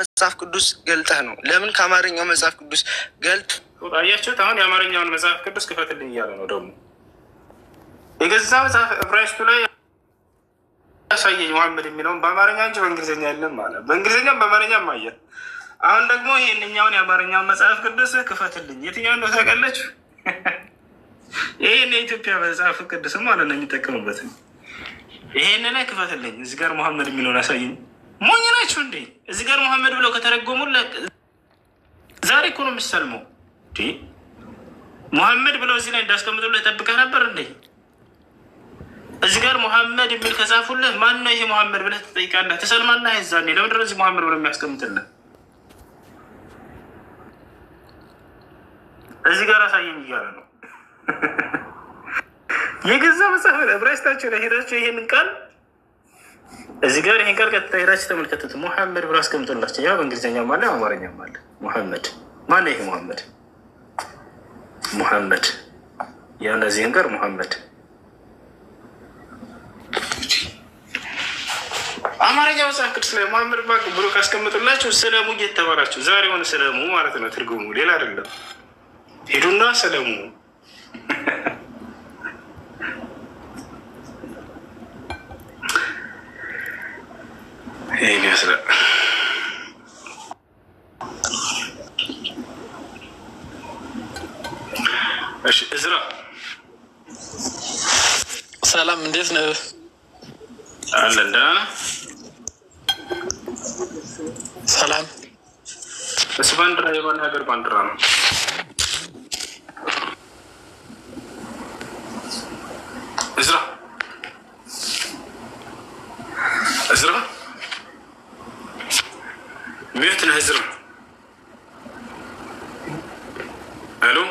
መጽሐፍ ቅዱስ ገልጠህ ነው። ለምን ከአማርኛው መጽሐፍ ቅዱስ ገልጥ። አያችሁት? አሁን የአማርኛውን መጽሐፍ ቅዱስ ክፈትልኝ እያለ ነው። ደግሞ የገዛ መጽሐፍ ዕብራይስጡ ላይ ያሳየኝ መሐመድ የሚለውን በአማርኛ እንጂ በእንግሊዝኛ የለም አለ። በእንግሊዝኛ በአማርኛ ማየ። አሁን ደግሞ ይህንኛውን የአማርኛውን መጽሐፍ ቅዱስ ክፈትልኝ። የትኛው ነው ታውቃለች? ይህን የኢትዮጵያ መጽሐፍ ቅዱስ ማለት ነው የሚጠቀሙበት። ይህንን ክፈትልኝ፣ እዚህ ጋር መሐመድ የሚለውን አሳየኝ። ሞኝ ናችሁ እንዴ? እዚህ ጋር መሐመድ ብለው ከተረጎሙለት ዛሬ እኮ ነው የምትሰልመው። መሐመድ ብለው እዚህ ላይ እንዳስቀምጡልህ ጠብቀህ ነበር እንዴ? እዚህ ጋር መሐመድ የሚል ከጻፉልህ ማን ነው ይሄ መሐመድ ብለህ ትጠይቃለህ፣ ተሰልማና አይዛኔ ለምንድን ነው እዚህ መሐመድ ብለው የሚያስቀምጥልህ? እዚህ ጋር አሳየኝ እያለ ነው የገዛ መጽሐፍ ዕብራይስጣቸው ላይ ሄዳቸው ይሄንን ቃል እዚህ ጋር ይሄን ቃል ቀጥታ ሄዳችሁ ተመልከቱት። ሙሐመድ ብሎ አስቀምጦላቸው ያ በእንግሊዝኛ አለ አማርኛ አለ። ሙሐመድ ማን ይሄ ሙሐመድ ሙሐመድ የእነዚህን ጋር ሙሐመድ አማርኛ መጽሐፍ ቅዱስ ላይ ሙሐመድ ብሎ ካስቀምጡላችሁ ስለሙ ዛሬ ዛሬውን ስለሙ ማለት ነው። ትርጉሙ ሌላ አይደለም። ሄዱና ስለሙ ይህን ይመስላል። እሺ እዝራ ሰላም፣ እንዴት ነህ? አለን ደህና ነህ? ሰላም። እስ ባንዲራ የባለ ሀገር ባንዲራ ነው። እዝራ هزرن الو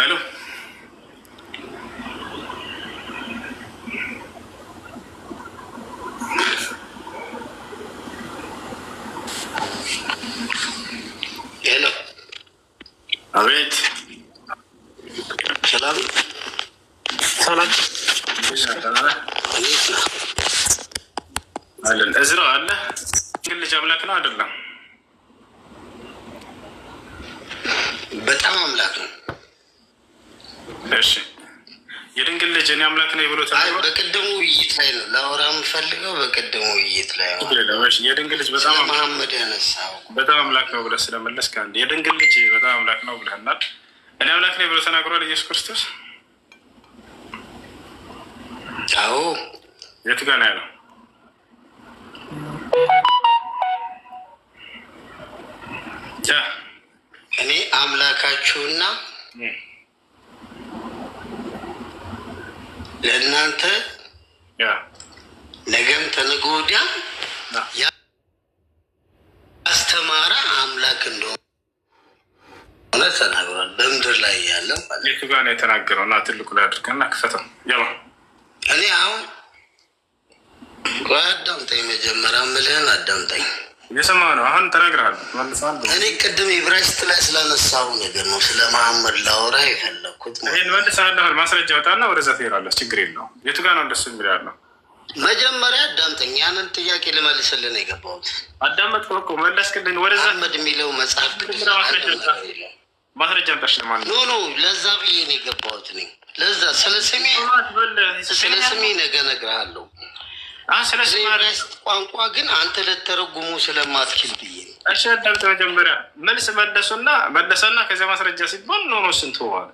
الو الو አቤት سلام سلام አለን። እዝራ አለ ግን ልጅ አምላክ ነው አይደለም? በጣም አምላክ ነው። እሺ የድንግል ልጅ እኔ አምላክ ነው ብሎ በቅድሙ ውይይት ላይ ነው ለአውራ የምፈልገው በቅድሙ ውይይት ላይ የድንግል ልጅ በጣም መሐመድ ያነሳው በጣም አምላክ ነው ብለህ ስለመለስ ከአንድ የድንግል ልጅ በጣም አምላክ ነው ብለህናል። እኔ አምላክ ነው ብሎ ተናግሯል ኢየሱስ ክርስቶስ። አዎ የት ጋ ነው ያለው? እኔ አምላካችሁና ለእናንተ ነገም ተነገ ወዲያ ያስተማረ አምላክ እንደሆነ ተናግሯል። በምድር ላይ ያለው የቱ ጋር ነው የተናገረው? እና ትልቁ ላይ አድርገና ክፈተው። እኔ አሁን አዳምጠኝ፣ መጀመሪያ ምልህን አዳምጠኝ። እየሰማ ነው አሁን ተነግራል። እኔ ቅድም ኢብራሂስት ላይ ስለነሳው ነገር ነው ስለ መሐመድ ላውራ የፈለግኩት። ይህን መልስ አለል ማስረጃ ወጣና ወደዛ ትሄዳለህ። ችግር የለው። የቱ ጋ ነው እንደሱ የሚል ያለው? መጀመሪያ አዳምጠኝ። ያንን ጥያቄ ልመልስልን የገባሁት አዳመጥ ኮኮ መለስክልን። ወደዛ መድ የሚለው መጽሐፍ ማስረጃ ጠሽ ኖ ኖ ለዛ ብዬ ነው የገባሁት። እኔ ለዛ ስለ ስሜ ስለ ስሜ ነገ እነግርሃለሁ ስለ ቋንቋ ግን አንተ ለተረጉሙ ስለማትችል ብዬ እሺ፣ አዳምጥ መጀመሪያ መልስ መለሱና መለሰና ከዚያ ማስረጃ ሲባል ኖኖ ስንት ዋል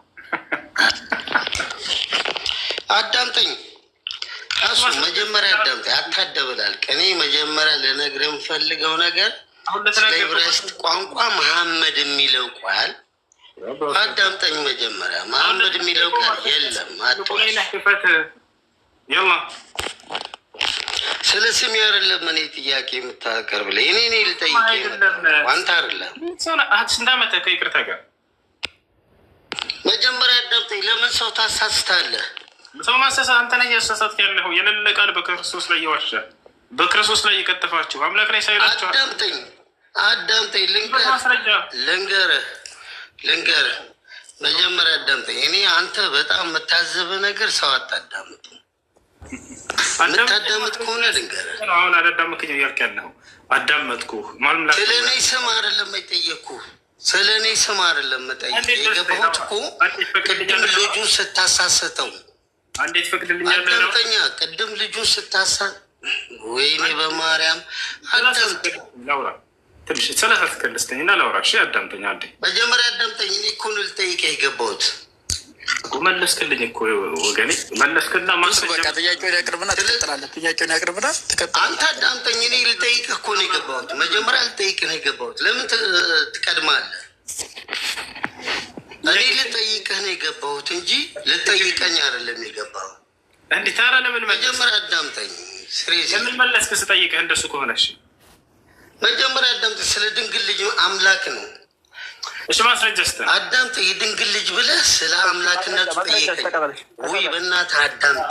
አዳምጠኝ እሱ መጀመሪያ አዳምጠ አታደብላል። እኔ መጀመሪያ ልነግርህ የምፈልገው ነገር ስለ ቋንቋ መሐመድ የሚለው ቃል አዳምጠኝ። መጀመሪያ መሐመድ የሚለው ቃል የለም። አቶ ይላ ክፈት ስለ ስሜ አይደለም እኔ ጥያቄ የምታቀርብልኝ እኔ እኔ ልጠይቅህ አንተ አይደለም። ስንት ዓመት ከይቅርታ ጋር መጀመሪያ አዳምጠኝ። ለምን ሰው ታሳስታለህ? ሰው ማሳሳት አንተ ነህ እያሳሳትክ ያለኸው። የሌለ ቃል በክርስቶስ ላይ የዋሸ በክርስቶስ ላይ የቀጠፋችሁ አምላክ ላይ ሳይላችሁ አዳምጠኝ፣ አዳምጠኝ ልንገርህ፣ ልንገርህ መጀመሪያ አዳምጠኝ። እኔ አንተ በጣም የምታዘበ ነገር ሰው አታዳምጡ ምታዳምጥ ከሆነ ልንገርህ። አሁን አላዳመጥከኝ እያልክ ስለ እኔ ስም አይደለም ስለ እኔ ስም አይደለም የገባሁት እኮ ቅድም ልጁን ስታሳስተው አዳምጠኛ። ቅድም ልጁን ስታሳ ወይኔ በማርያም አዳምጥ ትንሽ እና ላውራ። እሺ አዳምጠኛ። አንዴ መጀመሪያ አዳምጠኝ። እኔ እኮ ነው ልጠይቅህ የገባሁት መለስክልኝ እኮ ወገኔ መለስክና ማስረጃ ያቅርብና ትቀጥላለህ። ያቅርብና ትቀጥላለህ። አንተ አዳምጠኝ። እኔ ልጠይቅህ እኮ ነው የገባሁት። መጀመሪያ ልጠይቅህ ነው የገባሁት። ለምን ትቀድማለህ? እኔ ልጠይቅህ ነው የገባሁት እንጂ ልጠይቀኝ አይደለም የገባሁት። እንዲህ ታዲያ ለምን መጀመሪያ አዳምጠኝ። ለምን መለስክ ስጠይቅህ? እንደሱ መጀመሪያ አዳምጠኝ። ስለ ድንግል ልጅ አምላክ ነው እሺ ማስረጃ አዳምጥ። የድንግል ልጅ ብለህ ስለ አምላክነቱ ጠይቀኝ። ውይ በእናትህ አዳምጥ።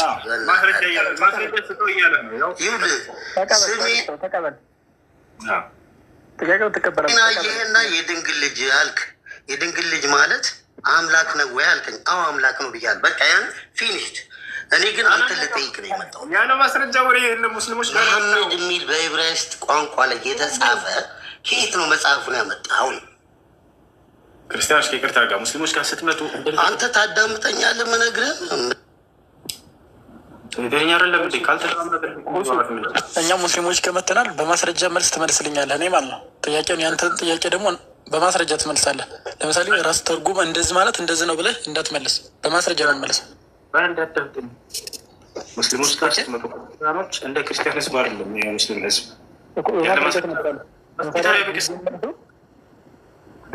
ይህና የድንግል ልጅ አልክ። የድንግል ልጅ ማለት አምላክ ነው ወይ አልከኝ። አዎ አምላክ ነው ብያለሁ። በቃ ያን ፊኒሽድ። እኔ ግን አንተ ልጠይቅ ነው የመጣው። ያለ ማስረጃ ወሬ የለም። ሙስሊሞች መሐመድ የሚል በዕብራይስጥ ቋንቋ ላይ የተጻፈ ከየት ነው መጽሐፉን ያመጣ አሁን ክርስቲያኖች ከይቅርታ ጋር ሙስሊሞች ጋር ስትመጡ አንተ ታዳምጠኛለህ። መነግርህ ይገኛ አይደለም እንዴ? እኛ ሙስሊሞች ከመተናል በማስረጃ መልስ ትመልስልኛለህ። እኔ ማለት ነው ጥያቄውን፣ ያንተን ጥያቄ ደግሞ በማስረጃ ትመልሳለህ። ለምሳሌ ራስ ተርጉም እንደዚህ ማለት እንደዚህ ነው ብለህ እንዳትመልስ፣ በማስረጃ ነው መልስ። ሙስሊሞች ጋር ስትመጡ ክርስቲያኖች እንደ ክርስቲያን ህዝብ አይደለም ሙስሊም ህዝብ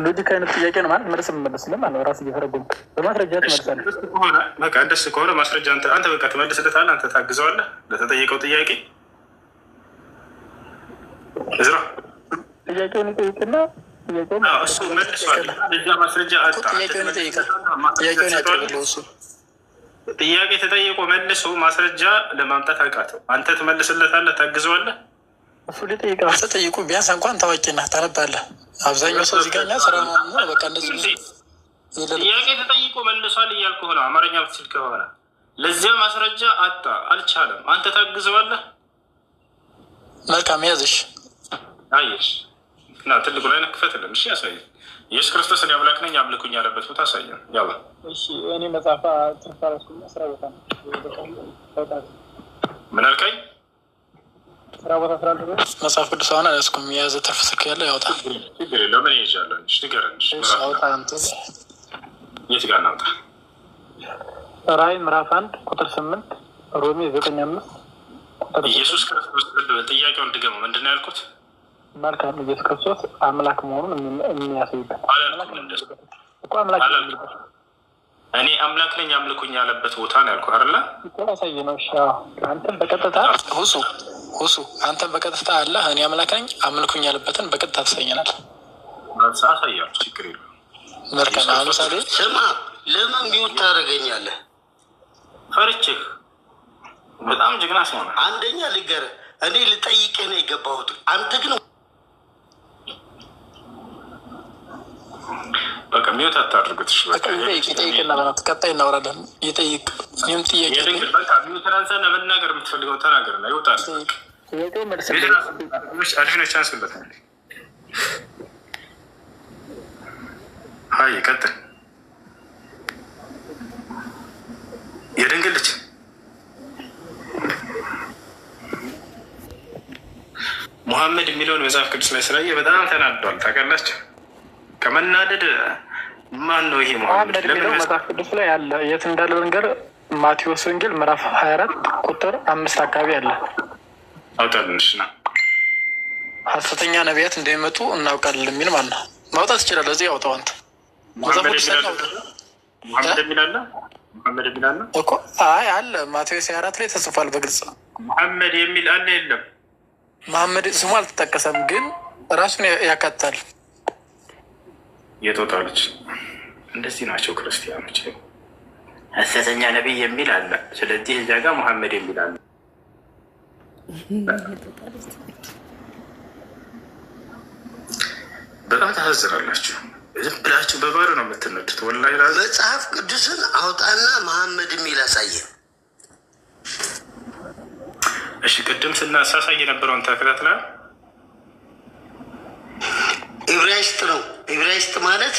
ሎጂክ አይነት ጥያቄ ነው ማለት መልስ የምመለስልህ ማለት ራስ እየፈረጉም በማስረጃ ትመልሳለህ። በቃ እንደሱ ከሆነ ማስረጃ አንተ በቃ ትመልስለታለህ። አንተ ታግዘዋለህ ለተጠየቀው ጥያቄ። እዝራ ጥያቄውን ይጠይቅና እሱ መልሷል። ማስረጃ ጥያቄ ተጠይቆ መልሶ ማስረጃ ለማምጣት አቃተው። አንተ ትመልስለታለህ፣ ታግዘዋለህ ስትጠይቁ ቢያንስ እንኳን ታዋቂ ና ታነባለህ። አብዛኛው ሰው እዚህ ጋ ስራ ነው በቃ እንደዚህ ጥያቄ ተጠይቆ መልሷል እያልኩ ሆነ። አማርኛ ብትችል ከሆነ ለዚያ ማስረጃ አጣ፣ አልቻለም። አንተ ታግዘዋለህ። መልካም ያዝሽ አየሽ እና ትልቁ ላይ ነክፈት ለም እሺ ያሳየ ኢየሱስ ክርስቶስ እኔ አምላክ ነኝ አምልኩኝ ያለበት ቦታ አሳየን። ያባ እኔ መጽሐፍ ምን አልከኝ? መጽሐፍ ቅዱስ አሁን አልያዝኩም። የያዘ ትርፍ ስልክ ያለ ያውጣ። ራይ ይዣለሁ? ምዕራፍ አንድ ቁጥር ስምንት ሮሜ ዘጠኝ አምስት ኢየሱስ ክርስቶስ ጥያቄውን ድገሙ። ምንድን ነው ያልኩት? መልካም ኢየሱስ ክርስቶስ አምላክ መሆኑን የሚያሳይበት እኮ አምላክ እኔ አምላክ ነኝ አምልኩኝ ያለበት ቦታ ነው ያልኩ አለ ያሳየ ነው። አንተም በቀጥታ ሁሱ እሱ አንተ በቀጥታ አላህ እኔ አምላክ ነኝ አምልኩኝ ያለበትን በቀጥታ ትሰየናል። አሳያለሁ፣ ስማ፣ ለምን ቢውት ታደርገኛለህ? ፈርቼህ በጣም ጀግና ሲሆነ አንደኛ ልገር እኔ ልጠይቅህ ነው የገባሁት። አንተ ግን በቃ ሚውት አታድርጉት። ይጠይቅና ቀጣይ እናወራለን። ይጠይቅ ይህም ጥያቄ ሚውት አንሳና የምትፈልገው ተናገርና ይወጣል። ቀጥል። የድንግል ልጅ ሙሐመድ የሚለውን መጽሐፍ ቅዱስ ላይ ስላየ በጣም ተናዷል። ታውቃላችሁ ከመናደድ ማን ነው ይሄ ሙሐመድ የሚለው መጽሐፍ ቅዱስ ላይ አለ። የት እንዳለ ነገር ማቴዎስ ወንጌል ምዕራፍ 24 ቁጥር አምስት አካባቢ አለ። አውጣልን። እሺ ና ሀሰተኛ ነቢያት እንደሚመጡ እናውቃለን የሚል ማለት ነው። ማውጣት ይችላል። እዚህ አውጣው አንተ ሙሐመድ አለ እኮ። አይ አለ ማቴዎስ ሃያ አራት ላይ ተጽፏል በግልጽ ሙሐመድ የሚል አለ። የለም መሐመድ ስሙ አልተጠቀሰም፣ ግን ራሱን ያካትታል። የጦጣሎች እንደዚህ ናቸው ክርስቲያኖች። ሀሰተኛ ነቢይ የሚል አለ። ስለዚህ እዚያ ጋር ሙሐመድ የሚል አለ። በጣም ታሳዝናላችሁ። ዝም ብላችሁ በባዶ ነው የምትነዱት። ወላሂ መጽሐፍ ቅዱስን አውጣና መሐመድ የሚል አሳየን። እሺ ቅድም ስናሳሳይ የነበረውን ተከታትላ ኢብራይስጥ ነው። ኢብራይስጥ ማለት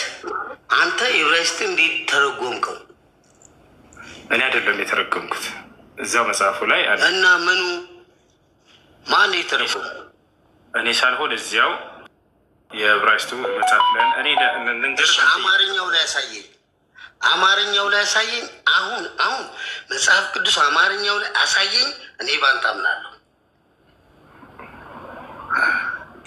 አንተ ኢብራይስጥ እንዴት ተረጎምከው? እኔ አይደለም የተረጎምኩት እዛው መጽሐፉ ላይ አለ እና ምኑ ማን የተረፉ እኔ ሳልሆን እዚያው የዕብራይስጡ መጽሐፍ ላይ እኔ አማርኛው ላይ ያሳየኝ አማርኛው ላይ ያሳየኝ። አሁን አሁን መጽሐፍ ቅዱስ አማርኛው ላይ አሳየኝ። እኔ ባንታምናለሁ።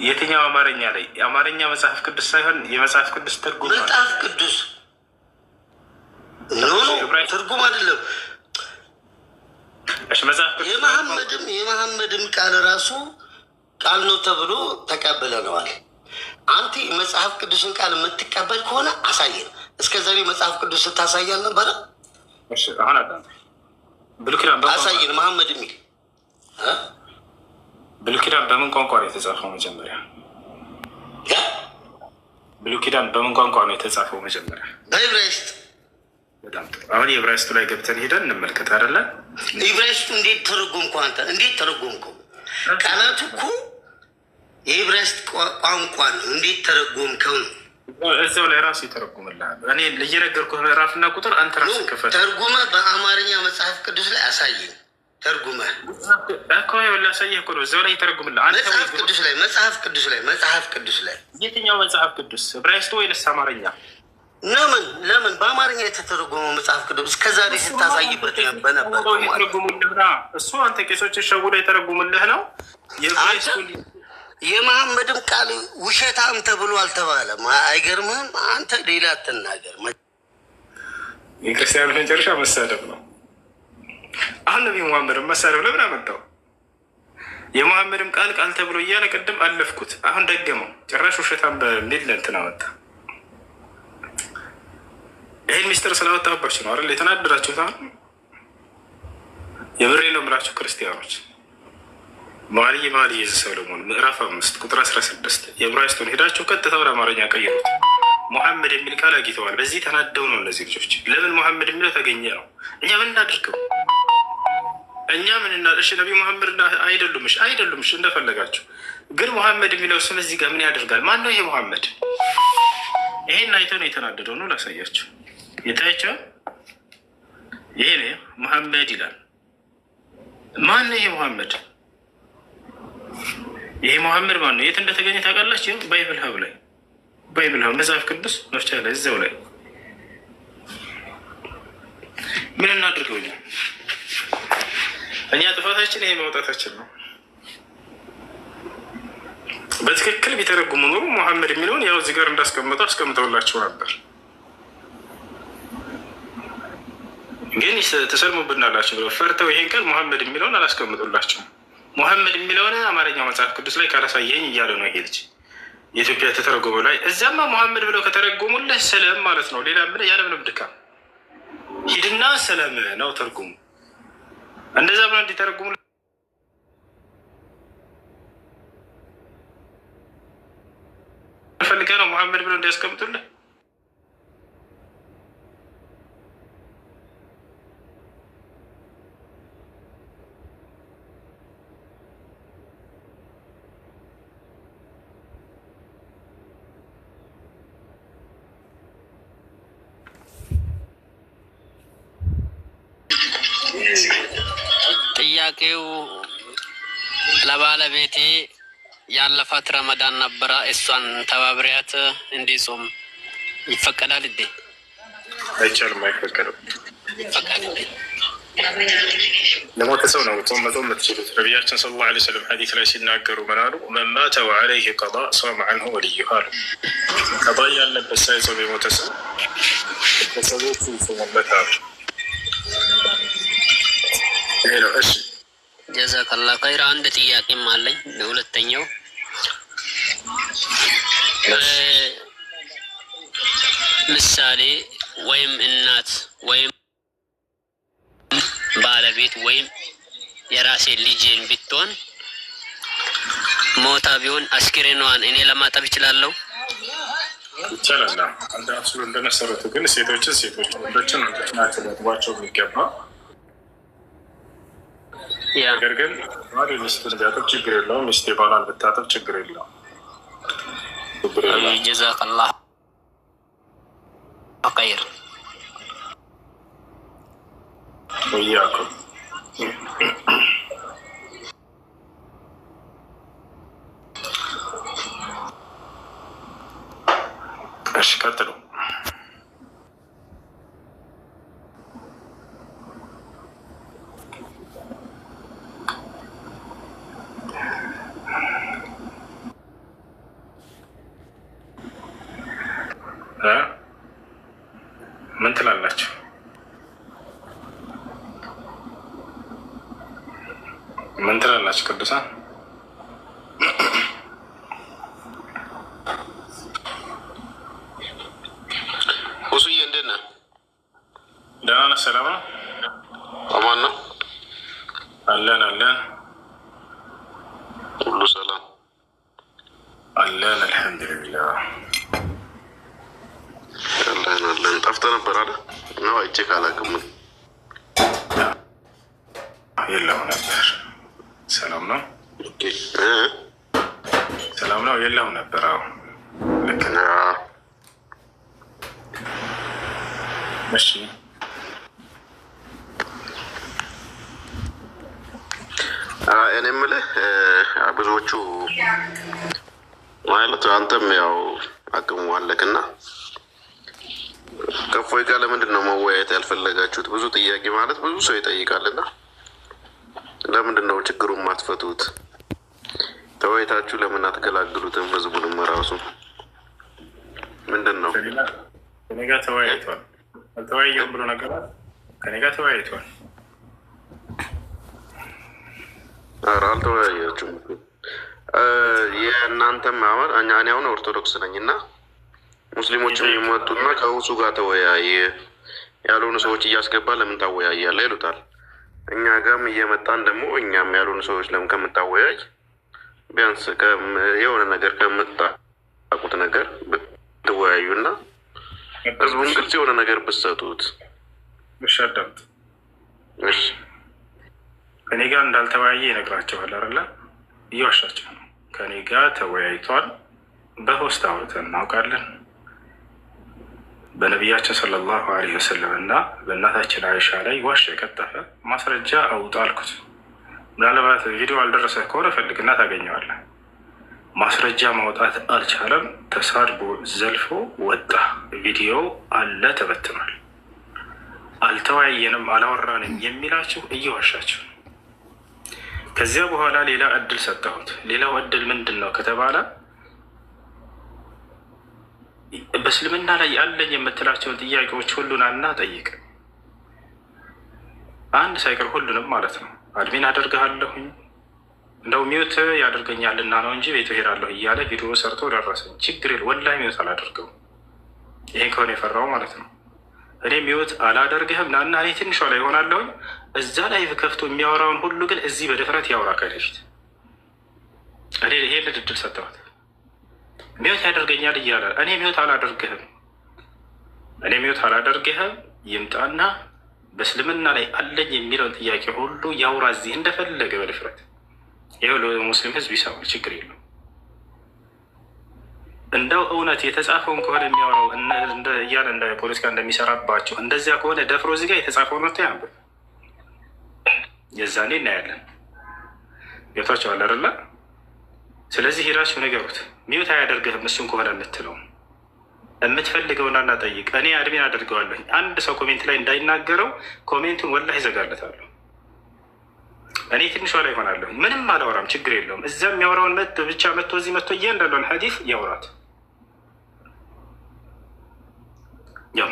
የትኛው አማርኛ ላይ? የአማርኛ መጽሐፍ ቅዱስ ሳይሆን የመጽሐፍ ቅዱስ ትርጉም መጽሐፍ ቅዱስ ኖ ትርጉም አይደለም። የመሐመድም የመሐመድም ቃል ራሱ ቃል ነው ተብሎ ተቀብለነዋል። አንተ መጽሐፍ ቅዱስን ቃል የምትቀበል ከሆነ አሳየን። እስከ ዛሬ መጽሐፍ ቅዱስ ስታሳያል ነበረ። አሳየን መሐመድ የሚል ብሉይ ኪዳን በምን ቋንቋ ነው የተጻፈው? መጀመሪያ ብሉይ ኪዳን በምን ቋንቋ ነው የተጻፈው? መጀመሪያ በዕብራይስጥ አሁን የዕብራይስጡ ላይ ገብተን ሄደን እንመልከት። አደለ የዕብራይስጡ እንዴት ተረጎምከው አንተ? እንዴት ተረጎምከው? ቃላቱ እኮ የዕብራይስጥ ቋንቋ ነው። እንዴት ተረጎምከው ነው እዚያው ላይ ራሱ ይተረጉምልሃል። እኔ እየነገርኩህ ምዕራፍና ቁጥር አንተ ራስህ ክፈል ተርጉመ በአማርኛ መጽሐፍ ቅዱስ ላይ አሳየኝ። ተርጉመ እኮ ላሳየ ላሳየህ እኮ ነው። እዚያው ላይ ይተረጉምልሃል። መጽሐፍ ቅዱስ ላይ መጽሐፍ ቅዱስ ላይ መጽሐፍ ቅዱስ ላይ የትኛው መጽሐፍ ቅዱስ ዕብራይስጡ ወይንስ አማርኛ? ለምን ለምን በአማርኛ የተተረጎመ መጽሐፍ ቅዱስ እስከዛሬ ስታሳይበት በነበር እሱ አንተ ቄሶች ሸውደ የተረጉምልህ ነው። የመሐመድም ቃል ውሸታም ተብሎ አልተባለም። አይገርምህም? አንተ ሌላ አትናገር። የክርስቲያኖች መጨረሻ መሳደብ ነው። አሁን ነቢ መሐመድም መሳደብ ለምን አመጣው? የመሐመድም ቃል ቃል ተብሎ እያለ ቅድም አለፍኩት። አሁን ደገመው ጭራሽ ውሸታም በሚል ለእንትን አመጣ። ይህን ሚስጥር ስላወጣባችሁ ነው አይደል የተናደዳችሁት? አይደል? የምሬ ነው የምላችሁ ክርስቲያኖች። መኃልየ መኃልይ ዘሰሎሞን ምዕራፍ አምስት ቁጥር አስራ ስድስት የዕብራይስጡን ሄዳችሁ ቀጥታ ወደ አማርኛ ቀይሩት። ሙሐመድ የሚል ቃል አግኝተዋል። በዚህ ተናደው ነው እነዚህ ልጆች። ለምን ሙሐመድ የሚለው ተገኘ ነው? እኛ ምን እናድርገው? እኛ ምን እና እሺ፣ ነቢ ሙሐመድ አይደሉም፣ እሺ አይደሉም፣ እሺ እንደፈለጋችሁ። ግን ሙሐመድ የሚለው ስም እዚህ ጋር ምን ያደርጋል? ማን ነው ይሄ ሙሐመድ? ይሄን አይተ ነው የተናደደው ነው ላሳያችሁ የታያቸው ይሄ ነው መሐመድ ይላል። ማን ነው ይሄ መሐመድ? ይሄ መሐመድ ማን ነው? የት እንደተገኘ ታውቃላችሁ? ባይብል ሀብ ላይ ባይብል ሀብ መጽሐፍ ቅዱስ መፍቻ ላይ እዚያው ላይ ምን እናድርገው እኛ እኛ ጥፋታችን ይሄ ማውጣታችን ነው። በትክክል ቢተረጉሙ ኖሩ መሐመድ የሚለውን ያው እዚህ ጋር እንዳስቀምጠው አስቀምጠውላቸው ነበር። ግን ተሰልሞብናላችሁ ብለው ፈርተው ይሄን ቃል ሙሐመድ የሚለውን አላስቀምጡላቸውም። ሙሐመድ የሚለውን አማርኛው መጽሐፍ ቅዱስ ላይ ካላሳየኝ እያለ ነው ይሄ ልጅ የኢትዮጵያ ተተረጎመ ላይ እዚያማ ሙሐመድ ብለው ከተረጎሙልህ ሰለም ማለት ነው። ሌላ ምን ያለምንም ድካም ሂድና ሰለም ነው ተርጉሙ። እንደዛ ብለው እንዲተረጉሙ ፈልገ ነው ሙሐመድ ብለው እንዲያስቀምጡልህ ጥያቄው ለባለቤቴ ያለፋት ረመዳን ነበረ። እሷን ተባብሪያት እንዲጾም ይፈቀዳል እንዴ? አይቻልም፣ አይፈቀድም። ለሞተ ሰው ነው ጾም መጾም የምትችሉት። ነቢያችን ሰለላሁ ዐለይሂ ወሰለም ሐዲስ ላይ ሲናገሩ ምን አሉ? መን ማተ ወዐለይሂ ቀዳ ሶመ ዐንሁ ወሊዩሁ አሉ። ቀዳ ያለበት ሳይጾም የሞተ ሰው ቤተሰቦቹ ይጾሙበታል። ይሄ ነው እሺ ጀዛከላ ከይር። አንድ ጥያቄም አለኝ። ለሁለተኛው ምሳሌ ወይም እናት ወይም ባለቤት ወይም የራሴ ልጅን ብትሆን ሞታ ቢሆን አስክሬኗን እኔ ለማጠብ እችላለሁ? ይቻላል። አንድ አስሉ እንደመሰረቱ ግን ሴቶችን ሴቶች ወንዶችን ናቸው ሊያጥቧቸው የሚገባ ነገር ግን ባል ሚስቱን ቢያጠብ ችግር የለውም። ሚስት የባሏን ብታጠብ ችግር የለውም። ጀዛከላህ ኸይር እያኩም እሺ ቀጥሉ። ምን ትላላችሁ ቅዱሳን? እኔ የምልህ ብዙዎቹ ማለት አንተም ያው አቅሙ አለክ እና ከፎይ ጋር ለምንድን ነው መወያየት ያልፈለጋችሁት? ብዙ ጥያቄ ማለት ብዙ ሰው ይጠይቃል እና ለምንድን ነው ችግሩን ማትፈቱት? ተወያይታችሁ ለምን አትገላግሉትም? ህዝቡንም ራሱ ምንድን ነው ከኔ ጋር ተወያይቷል። አልተወያየም ብሎ ነገር ከኔ ጋር ተወያይቷል። አልተወያያችሁም። የእናንተም አሁን እኔ አሁን ኦርቶዶክስ ነኝ እና ሙስሊሞችም የሚመጡና ከውሱ ጋር ተወያየ ያልሆኑ ሰዎች እያስገባ ለምን ታወያያለ ይሉታል። እኛ ጋም እየመጣን ደግሞ እኛም ያልሆኑ ሰዎች ለምን ከምታወያይ ቢያንስ የሆነ ነገር ከምታቁት ነገር ብትወያዩ እና ህዝቡን ግልጽ የሆነ ነገር ብትሰጡት። ሻዳምት ከኔ ጋር እንዳልተወያየ ይነግራቸዋል አለ እየዋሻቸው ነው። ከእኔ ጋር ተወያይቷል። በሆስት አውርተን እናውቃለን። በነቢያችን ሰለላሁ ዐለይሂ ወሰለም እና በእናታችን አይሻ ላይ ዋሽ የቀጠፈ ማስረጃ አውጣ አልኩት። ምናልባት ቪዲዮ አልደረሰ ከሆነ ፈልግና ታገኘዋለህ። ማስረጃ ማውጣት አልቻለም። ተሳድቦ ዘልፎ ወጣ። ቪዲዮ አለ፣ ተበትኗል። አልተወያየንም፣ አላወራንም የሚላችሁ እየዋሻችሁ ከዚያ በኋላ ሌላ እድል ሰጠሁት። ሌላው እድል ምንድን ነው ከተባለ በእስልምና ላይ ያለኝ የምትላቸውን ጥያቄዎች ሁሉን አና ጠይቅ፣ አንድ ሳይቀር ሁሉንም ማለት ነው። አድሚን አደርግሃለሁኝ እንደው ሚውት ያደርገኛልና ነው እንጂ ቤቱ ሄዳለሁ እያለ ቪዲዮ ሰርቶ ደረሰኝ። ችግር የለ ወላሂ ሚውት አላደርገው። ይሄ ከሆነ የፈራው ማለት ነው። እኔ ሚወት አላደርግህም ናና እኔ ትንሿ ላይ ይሆናለሁኝ እዛ ላይ ከፍቶ የሚያወራውን ሁሉ ግን እዚህ በድፍረት ያወራ ከእኔ እኔ ይሄ ልድድል ሰጠዋት ሚወት ያደርገኛል እያለ እኔ ሚወት አላደርግህም እኔ ሚወት አላደርግህም ይምጣና በእስልምና ላይ አለኝ የሚለውን ጥያቄ ሁሉ ያውራ እዚህ እንደፈለገ በድፍረት ይኸው ለሙስሊም ህዝብ ይሰማል ችግር የለው እንደው እውነት የተጻፈውን ከሆነ የሚያወራው እያለ እንደ ፖለቲካ እንደሚሰራባቸው እንደዚያ ከሆነ ደፍሮ እዚህ ጋር የተጻፈው ነው ያንብ የዛኔ እናያለን። ገብታቸው አለርላ ስለዚህ ሄዳችሁ ነገሩት። ሚዩት አያደርግህም እሱን ከሆነ የምትለው የምትፈልገውን አና እኔ አድሜን አደርገዋለሁ። አንድ ሰው ኮሜንት ላይ እንዳይናገረው ኮሜንቱን ወላ ይዘጋለታለሁ። እኔ ትንሿ ላይ ይሆናለሁ። ምንም አላወራም፣ ችግር የለውም። እዚያ የሚያወራውን መቶ ብቻ መጥቶ እዚህ መጥቶ እያንዳንዷን ሀዲፍ ያውራት። ያው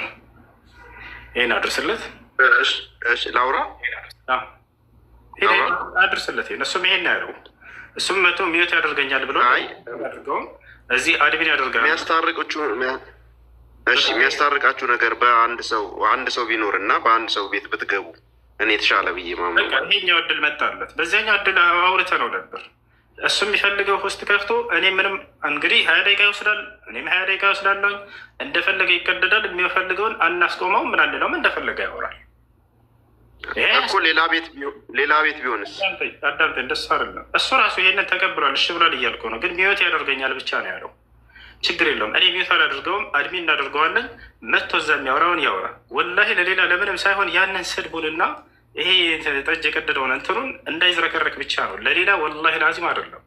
ይህን አድርስለት ላውራ አድርስለት። እሱም ይሄን ያደርጉ እሱም መቶ ሚዮት ያደርገኛል ብሎ አድርገውም እዚህ አድሚን ያደርጋል። የሚያስታርቃችሁ ነገር በአንድ ሰው አንድ ሰው ቢኖር እና በአንድ ሰው ቤት ብትገቡ እኔ የተሻለ ብዬ ማምነው። ይሄኛው እድል መጣለት። በዚያኛው እድል አውርተ ነው ነበር እሱ የሚፈልገው ሆስት ከፍቶ እኔ ምንም እንግዲህ ሀያ ደቂቃ ይወስዳል፣ እኔም ሀያ ደቂቃ ይወስዳለሁኝ። እንደፈለገ ይቀደዳል። የሚፈልገውን አናስቆመው፣ ምን አልለውም፣ እንደፈለገ ያወራል እኮ። ሌላ ቤት ሌላ ቢሆንስ? እንደሱ አይደለም። እሱ ራሱ ይሄንን ተቀብሏል፣ እሺ ብሏል እያልኩ ነው። ግን ሚዮት ያደርገኛል ብቻ ነው ያለው። ችግር የለውም፣ እኔ ሚዮት አላደርገውም፣ አድሚ እናደርገዋለን። መቶ እዛ የሚያወራውን ያወራ። ወላሂ ለሌላ ለምንም ሳይሆን ያንን ስድቡንና ይሄ ጠጅ የቀደደውን እንትኑን እንዳይዝረከረክ ብቻ ነው፣ ለሌላ ወላሂ ላዚም አይደለም።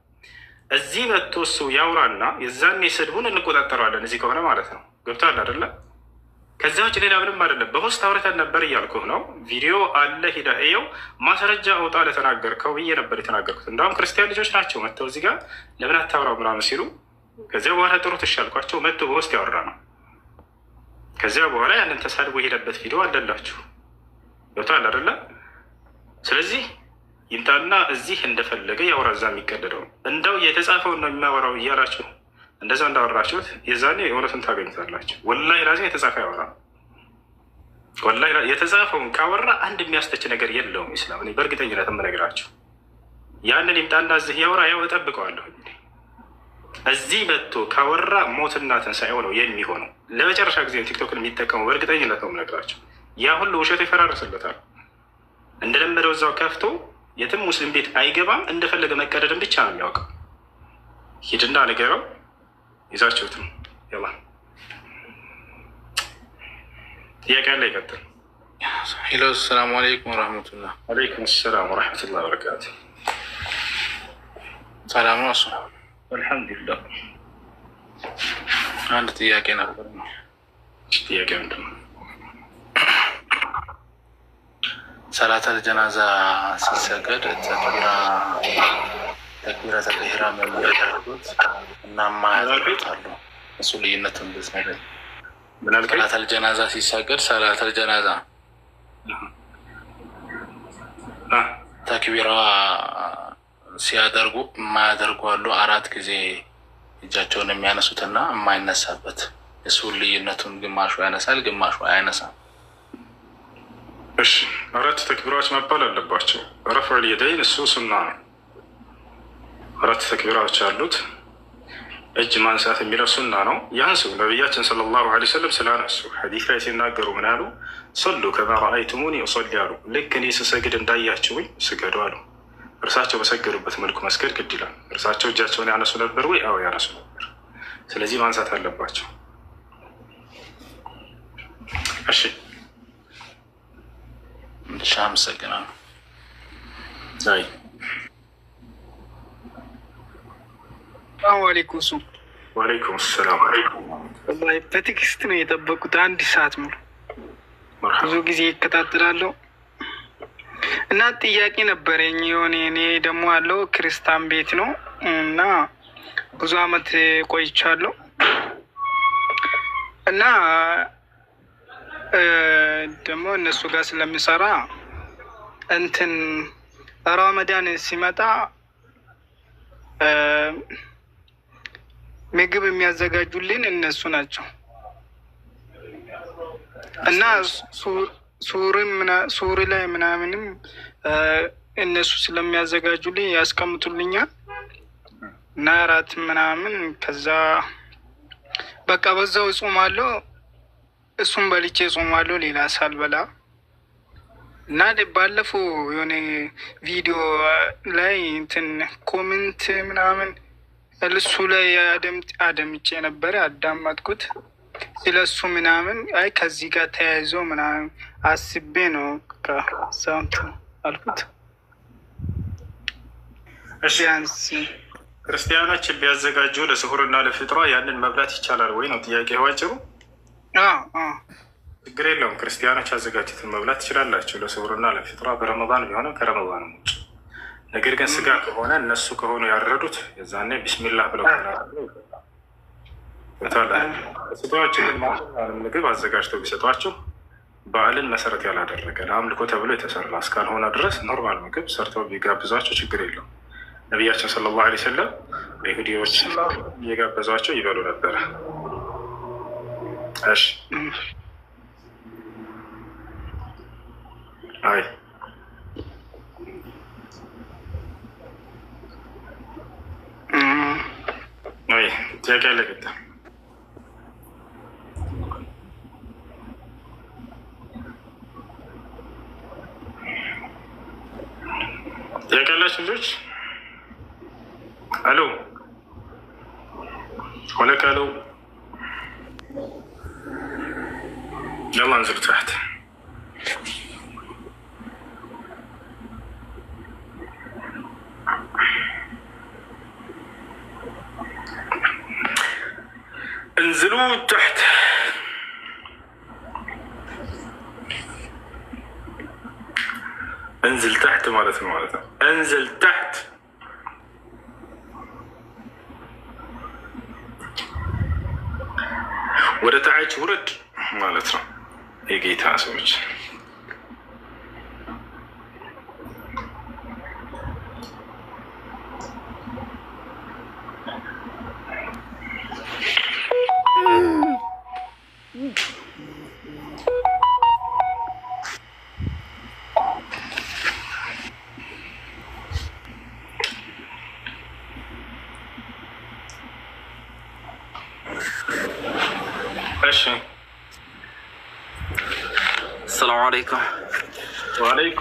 እዚህ መጥቶ እሱ ያውራና የዛኔ ስድቡን እንቆጣጠረዋለን። እዚህ ከሆነ ማለት ነው ገብቷል አይደለ? ከዚያ ውጭ ሌላ ምንም አይደለም። በሆስት አውርተን ነበር እያልኩህ ነው። ቪዲዮ አለ ሂደህ እየው፣ ማስረጃ አውጣ ለተናገርከው ብዬ ነበር የተናገርኩት። እንዳሁም ክርስቲያን ልጆች ናቸው መጥተው እዚህ ጋር ለምን አታውራው ምናምን ሲሉ ከዚያ በኋላ ጥሩ ትሻልኳቸው መጥቶ በውስጥ ያወራ ነው። ከዚያ በኋላ ያንን ተሳድቦ የሄደበት ቪዲዮ አለላችሁ። ገብቷል አይደለም? ስለዚህ ይምጣና እዚህ እንደፈለገ ያውራ፣ እዛ የሚቀደደው እንደው የተጻፈውን ነው የሚያወራው እያላችሁ እንደዛ እንዳወራችሁት የዛኔ እውነቱን ታገኝታላችሁ ወላሂ ላዚ የተጻፈ ያወራ ወላሂ የተጻፈውን ካወራ አንድ የሚያስተች ነገር የለውም ይስላም እኔ በእርግጠኝነት የምነግራችሁ ያንን ይምጣና እዚህ ያወራ፣ ያው እጠብቀዋለሁ። እዚህ መጥቶ ካወራ ሞትና ትንሳኤው ነው የሚሆነው። ለመጨረሻ ጊዜ ቲክቶክን የሚጠቀሙ በእርግጠኝነት ነው የምነግራችሁ። ያ ሁሉ ውሸቱ ይፈራረስለታል። እንደለመደው እዛው ከፍቶ የትም ሙስሊም ቤት አይገባም። እንደፈለገ መቀደድን ብቻ ነው የሚያውቀው። ሂድና ነገረው። ይዛችሁት ነው ይላ ጥያቄ ያለ ይቀጥል። ሄሎ፣ ሰላሙ አለይኩም ወረሕመቱላህ። አለይኩም ሰላም ወረሕመቱላህ በረካቱ። ሰላም ነው። እሱ አልሐምዱሊላህ። አንድ ጥያቄ ነበር። ጥያቄ ምንድን ነው? ሰላተል ጀናዛ ሲሰገድ ተክቢራ ተክቢራ ተልሂራ እና ማያደርጉት እሱ ልዩነት እንደዚህ ሰላተል ጀናዛ ሲሰገድ ሰላተል ጀናዛ ተክቢራ ሲያደርጉ የማያደርጉ አሉ። አራት ጊዜ እጃቸውን የሚያነሱትና የማይነሳበት እሱ ልዩነቱን ግማሹ ያነሳል፣ ግማሹ አያነሳም። እሺ አራት ተክቢራዎች መባል አለባቸው። ረፍዕል የደይን እሱ ሱና ነው። አራት ተክቢራዎች አሉት። እጅ ማንሳት የሚለው ሱና ነው። ያን ሰው ነቢያችን ሰለላሁ ዐለይሂ ወሰለም ስላነሱ ሐዲስ ላይ ሲናገሩ ምን አሉ? ሰሉ ከማ ረአይቱሙኒ ኡሰሊ አሉ። ልክ እኔ ስሰግድ እንዳያችሁኝ ስገዱ አሉ። እርሳቸው በሰገዱበት መልኩ መስገድ ግድ ይላል። እርሳቸው እጃቸውን ያነሱ ነበር ወይ? አዎ ያነሱ ነበር። ስለዚህ ማንሳት አለባቸው። እሺ እሺ፣ አመሰግናለሁ። ሰላም አለይኩም። እሱ ሰላም ወላሂ በቴክስት ነው የጠበቁት አንድ ሰዓት ሙሉ ብዙ ጊዜ ይከታተላለሁ እና ጥያቄ ነበረኝ የሆነ እኔ ደግሞ ያለው ክርስቲያን ቤት ነው እና ብዙ አመት ቆይቻለሁ እና ደግሞ እነሱ ጋር ስለሚሰራ እንትን ረመዳን ሲመጣ ምግብ የሚያዘጋጁልን እነሱ ናቸው እና ሱሪ ላይ ምናምንም እነሱ ስለሚያዘጋጁልኝ ያስቀምጡልኛል እና እራት ምናምን ከዛ በቃ በዛው እጾማለሁ። እሱም በልቼ ጾማለሁ። ሌላ ሳልበላ እና ባለፈው የሆነ ቪዲዮ ላይ እንትን ኮሜንት ምናምን እሱ ላይ አደምጬ ነበረ አዳመጥኩት። ስለ እሱ ምናምን አይ ከዚህ ጋር ተያይዞ ምናምን አስቤ ነው ሳምት አልኩት። ቢያንስ ክርስቲያኖች ቢያዘጋጁ ለስሁርና ለፍጥሯ ያንን መብላት ይቻላል ወይ ነው ጥያቄ ዋጭሩ ችግር የለውም። ክርስቲያኖች አዘጋጅትን መብላት ትችላላቸው ለስብሩና ለፊጥሯ በረመዳን ቢሆንም ከረመዳንም ውጭ። ነገር ግን ስጋ ከሆነ እነሱ ከሆኑ ያረዱት የዛኔ ቢስሚላ ብለው ስጋዎች ምግብ አዘጋጅተው ቢሰጧቸው በዓልን መሰረት ያላደረገ ለአምልኮ ተብሎ የተሰራ እስካልሆነ ድረስ ኖርማል ምግብ ሰርተው ቢጋብዟቸው ችግር የለውም። ነቢያችን ሰለላሁ ዐለይሂ ወሰለም ለይሁዲዎች እየጋበዟቸው ይበሉ ነበረ። እሺ አይ ወይ ጥያቄ አለ ቀጥታ ጥያቄ ልጆች አሎ ወለካለው يلا انزل تحت انزلوا تحت انزل تحت مرة مرة انزل تحت ورد تعيش ورد ማለት የጌታ ሰዎች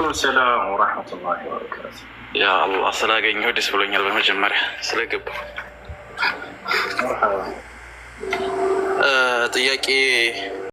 ወአለይኩም ሰላም ወረሕመቱላሂ ወበረካቱ። ያ አላህ ስላገኘሁ ደስ ብሎኛል። በመጀመሪያ ስለገባ ጥያቄ